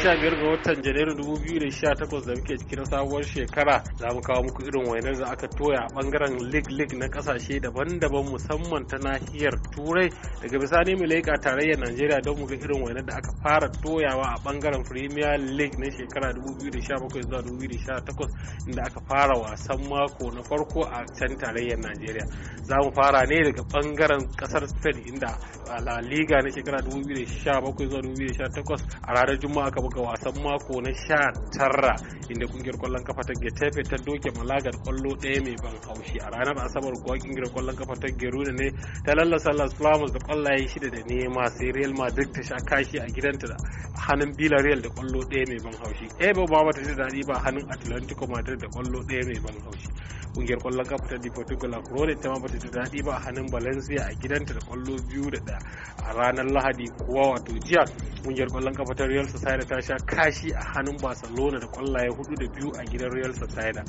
15 biyar ga watan janairu dubu da muke cikin sabuwar shekara za mu kawo muku irin wainar da aka toya a bangaren lig lig na kasashe daban-daban musamman ta nahiyar turai daga bisani mu leƙa tarayyar najeriya don mu ga irin wainar da aka fara toyawa a bangaren premier league na shekara dubu biyu da zuwa dubu inda aka fara wasan mako na farko a can tarayyar najeriya za mu fara ne daga bangaren kasar spain inda la liga na shekara 2017 zuwa 2018 a ranar juma'a aka buga wasan mako na 19 inda kungiyar kwallon kafa ta getafe ta doke malagar kwallo ɗaya mai ban haushi a ranar asabar kuwa kungiyar kwallon kafa ta geruda ne ta lallasa las flamas da kwallaye shida da nema sai real madrid ta sha kashi a gidanta da hannun villarreal da kwallo ɗaya mai ban haushi ebe ba ta ji daɗi ba hannun atlantico madrid da kwallo ɗaya mai ban haushi kungiyar kwallon kafa ta deportivo la da ita ma bata ji daɗi ba a hannun valencia a gidanta da kwallo biyu da ɗaya a ranar lahadi kuwa wato jiya kungiyar kwallon kafa ta real society ta sha kashi a hannun barcelona da kwallaye hudu da biyu a gidan real society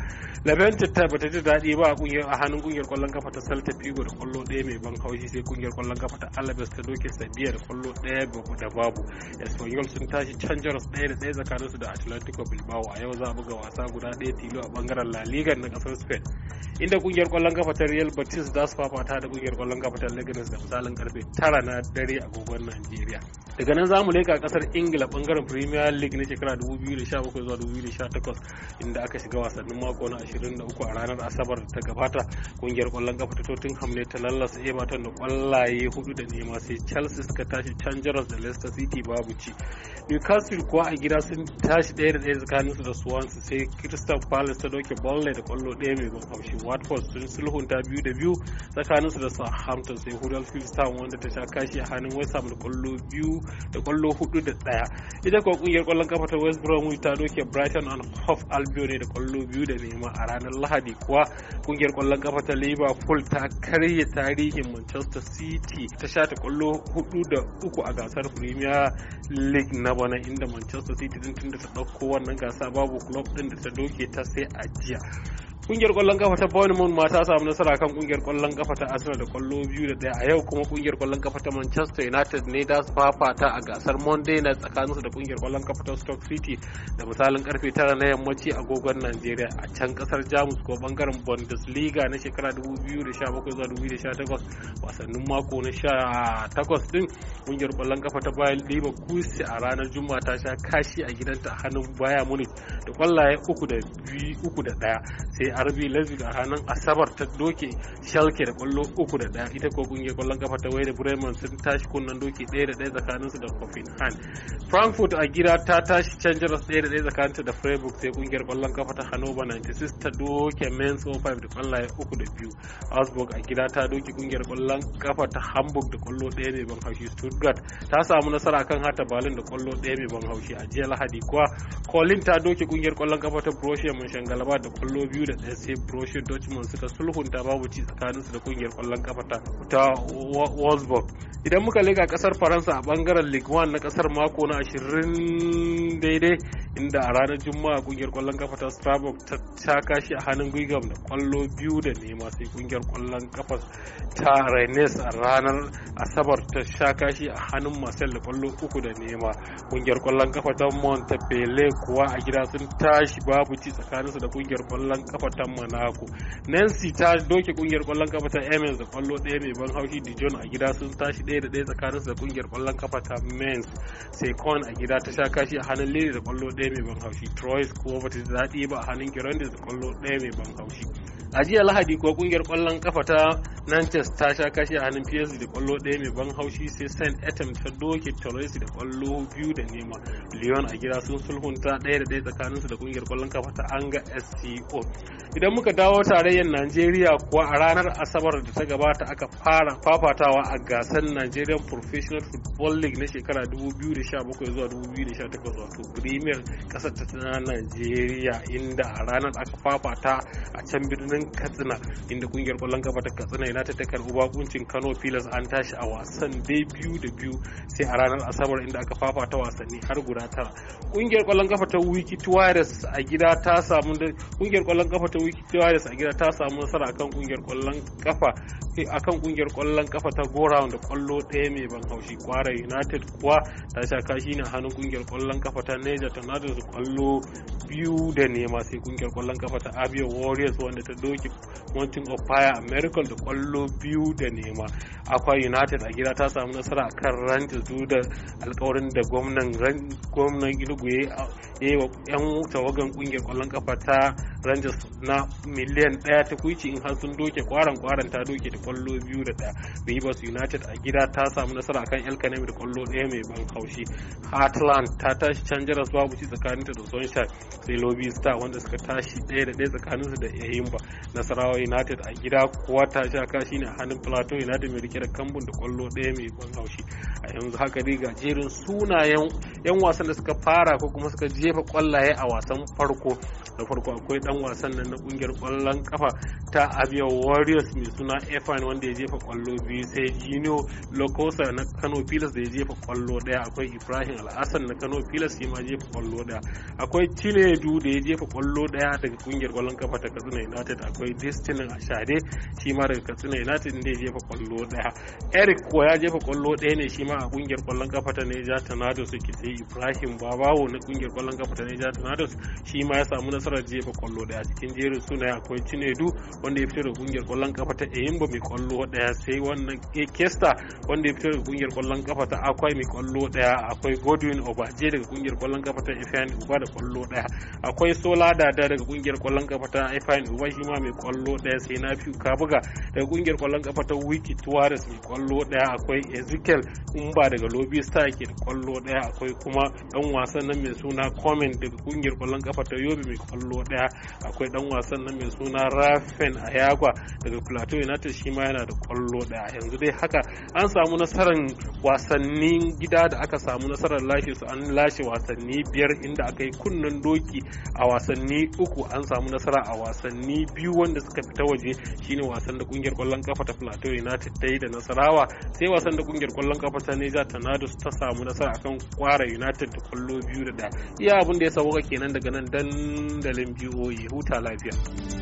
labenta ta bata ji daɗi ba a hannun kungiyar kwallon kafa ta celta figo da kwallo ɗaya mai ban haushi sai kungiyar kwallon kafa ta alabes ta doke sabiya da kwallo ɗaya da babu espanyol sun tashi changers ɗaya da ɗaya tsakaninsu da atlantico bilbao a yau za a buga wasa guda ɗaya tilo a bangaren la liga na ƙasar spain inda kungiyar kwallon kafa ta real batis za su fafata da kungiyar kwallon kafa ta legonis da misalin karfe tara na dare a gogon nigeria daga nan zamu leka kasar ingila bangaren premier league na shekara 2017 zuwa 2018 inda aka shiga wasannin mako na 23 a ranar asabar da ta gabata kungiyar kwallon kafa ta tottenham ne ta lallasa everton da kwallaye hudu da nema sai chelsea suka tashi can da leicester city babu ci newcastle kuwa a gida sun tashi daya da daya tsakaninsu da swansea sai crystal palace ta doke bolle da kwallo daya mai haushi watford sun sulhunta biyu da biyu tsakaninsu da southampton sai huddersfield town wanda ta sha kashi a hannun west ham da kwallo biyu da kwallo hudu da daya ita kuwa kungiyar kwallon kafa ta west bromwich ta doke brighton and hove albion ne da kwallo biyu da nema a ranar lahadi kuwa kungiyar kwallon kafa ta liverpool ta karye tarihin manchester city ta sha ta kwallo hudu da uku a gasar premier league na bana inda manchester city din tun da ta ɗauko wannan gasa babu club din da ta doke ta sai a jiya kungiyar kwallon kafa ta Bournemouth ma ta samu nasara kan kungiyar kwallon kafa ta Arsenal da kwallo biyu da daya a yau kuma kungiyar kwallon kafa ta Manchester United ne da su fafata a gasar Monday na tsakanin su da kungiyar kwallon kafa ta Stoke City da misalin karfe 9 na yammaci a agogon Najeriya a can kasar Jamus ko bangaren Bundesliga na shekara 2017 zuwa 2018 wasannin mako na 18 din kungiyar kwallon kafa ta Bayer Kusi a ranar Juma'a ta sha kashi a gidanta hannun baya Munich da kwallaye uku da biyu uku da daya sai rb leipzig a ranar asabar ta doke shalke da kwallo uku da daya ita ko kungiyar kwallon kafa ta waye da bremen sun tashi kunnan doke daya da daya su da copenhagen frankfurt a gida ta tashi canjar jaras daya da daya su da freiburg sai kungiyar kwallon kafa ta hannover 96 ta doke mainz 05 da kwallaye uku da biyu augsburg a gida ta doke kungiyar kwallon kafa ta hamburg da kwallo daya mai ban haushi stuttgart ta samu nasara kan hata balin da kwallo daya mai ban haushi a jiya lahadi kuwa colin ta doke kungiyar kwallon kafa ta Borussia Mönchengladbach da kwallo biyu da ɗaya sai Borussia Dortmund suka sulhunta babu ci tsakaninsu da kungiyar kwallon kafa ta ta Wolfsburg. Idan muka lega kasar Faransa a bangaren Ligue 1 na kasar mako na 20 daidai inda a ranar Juma'a kungiyar kwallon kafa ta Strasbourg ta taka shi a hannun Guigam da kwallo biyu da nema sai kungiyar kwallon kafa ta Rennes a ranar Asabar ta sha shi a hannun Marcel da kwallo uku da nema. kungiyar kwallon kafa ta Montpellier kuwa a gida sun tashi babu ci tsakaninsu da kungiyar kwallon kafa ta Monaco Nancy ta doke kungiyar kwallon kafa ta Amiens da kwallo ɗaya mai ban haushi Dijon a gida sun tashi ɗaya da ɗaya tsakaninsu da kungiyar kwallon kafa ta Mainz sai a gida ta sha kashi a hannun Lille da kwallo ɗaya mai ban haushi Troyes kuwa bata ji daɗi ba a hannun Girondins da kwallo ɗaya mai ban haushi a jiya Lahadi kuwa kungiyar kwallon kafa ta Nantes ta sha kashi a hannun PSG da kwallo ɗaya mai ban haushi sai Saint Etem ta doke Torres da kwallo biyu da nema. Lyon a gida sun sulhunta ɗaya da ɗaya tsakaninsu da kungiyar kwallon kafa ta Anga STO. Idan muka dawo tarayyar Najeriya kuwa a ranar Asabar da ta gabata aka fara fafatawa a gasar Nigerian Professional Football League na shekara 2017 zuwa 2018 wato Premier kasar ta Najeriya inda a ranar aka fafata a can birnin Katsina inda kungiyar kwallon kafa ta Katsina united ta karbi kuncin kano pilas an tashi a wasan dai biyu da biyu sai a ranar asabar inda aka fafata wasanni har guda tara kungiyar kwallon kafa ta wiki tuwares a gida ta samu kungiyar kwallon kafa ta wiki tuwares a gida ta samu nasara akan kungiyar kwallon kafa akan kungiyar kwallon kafa ta go da kwallo ɗaya mai ban haushi kwara united kuwa ta sha kashi na hannun kungiyar kwallon kafa ta niger da kwallo biyu da nema sai kungiyar kwallon kafa ta abia warriors wanda ta doki mountain of fire miracle da kwallo biyu da nema akwa united a gida ta samu nasara kan ranta zu da alkawarin da gwamnan ilugu ya yi wa 'yan tawagan kungiyar kwallon kafa ta rangers na miliyan daya ta kuici in har sun doke kwaran kwaran ta doke da kwallo biyu da daya bibas united a gida ta samu nasara kan el kanemi da kwallo daya mai ban haushi heartland ta tashi can su babu ci tsakaninta da sunshine sai lobby star wanda suka tashi daya da daya su da ba nasarawa united a gida kuwa ta sha kashi ne a hannun plateau united mai dauke da kambun da kwallo ɗaya mai ban haushi a yanzu haka dai ga jerin sunayen yan wasan da suka fara ko kuma suka jefa kwallaye a wasan farko da farko akwai dan wasan nan na kungiyar kwallon kafa ta abia warriors mai suna efan wanda ya jefa kwallo biyu sai gino locosa na kano pilas da ya jefa kwallo ɗaya akwai ibrahim alhassan na kano pilas shi ma jefa kwallo ɗaya akwai chinedu da ya jefa kwallo ɗaya daga kungiyar kwallon kafa ta katsina united akwai destiny ashade shi ma daga katsina united da ya jefa kwallo ɗaya. daya eric ko ya jefa kwallo daya ne shi ma a kungiyar kwallon kafa ta neja tornadoes ke da ibrahim babawo na kungiyar kwallon kafa ta neja tornadoes shi ma ya samu nasarar jefa kwallo daya cikin jerin sunaye akwai chinedu wanda ya fito da kungiyar kwallon kafa ta eyimba mai kwallo daya sai wannan kesta wanda ya fito da kungiyar kwallon kafa ta akwai mai kwallo daya akwai godwin obaje daga kungiyar kwallon kafa ta ifeani uba da kwallo daya akwai sola dada daga kungiyar kwallon kafa ta ifeani uba shi ma mai kwallo daya sai na fiu kabuga daga kungiyar kwallon kafa ta wiki tuwa Suarez mai kwallo daya akwai Ezekiel Umba daga Lobi Star ke da kwallo daya akwai kuma dan wasan nan mai suna Komen daga kungiyar kwallon kafa ta Yobe mai kwallo daya akwai dan wasan nan mai suna Rafen Ayagwa daga Plateau United shi ma yana da kwallo daya yanzu dai haka an samu nasarar wasannin gida da aka samu nasarar lashe su an lashe wasanni biyar inda aka yi kunnen doki a wasanni uku an samu nasara a wasanni biyu wanda suka fita waje shine wasan da kungiyar kwallon kafa ta Plateau United ta yi da nasarawa sai wasan da kungiyar kwallon kafa ta Niger Tornadoes ta samu nasara akan kwara United da kwallo biyu da daya iya abin da ya sauka kenan daga nan dandalin BOE huta lafiya